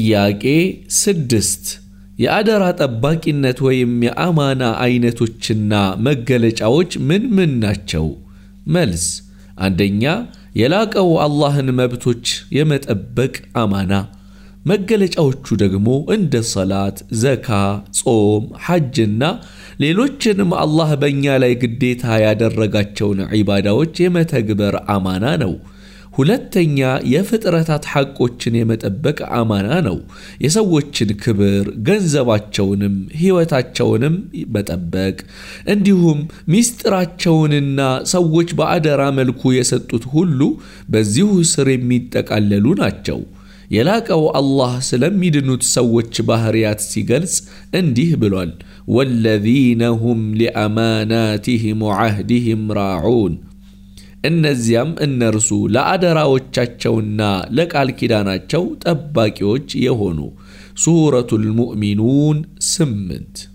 ጥያቄ ስድስት የአደራ ጠባቂነት ወይም የአማና አይነቶችና መገለጫዎች ምን ምን ናቸው? መልስ፣ አንደኛ የላቀው አላህን መብቶች የመጠበቅ አማና። መገለጫዎቹ ደግሞ እንደ ሰላት፣ ዘካ፣ ጾም፣ ሐጅና ሌሎችንም አላህ በእኛ ላይ ግዴታ ያደረጋቸውን ዒባዳዎች የመተግበር አማና ነው። ሁለተኛ የፍጥረታት ሐቆችን የመጠበቅ አማና ነው። የሰዎችን ክብር፣ ገንዘባቸውንም ሕይወታቸውንም መጠበቅ እንዲሁም ሚስጥራቸውንና ሰዎች በአደራ መልኩ የሰጡት ሁሉ በዚሁ ስር የሚጠቃለሉ ናቸው። የላቀው አላህ ስለሚድኑት ሰዎች ባህርያት ሲገልጽ እንዲህ ብሏል፣ ወለዚነ ሁም ሊአማናቲህም ወዓህዲሂም ራዑን እነዚያም እነርሱ ለአደራዎቻቸውና ለቃል ኪዳናቸው ጠባቂዎች የሆኑ ሱረቱል ሙእሚኑን ስምንት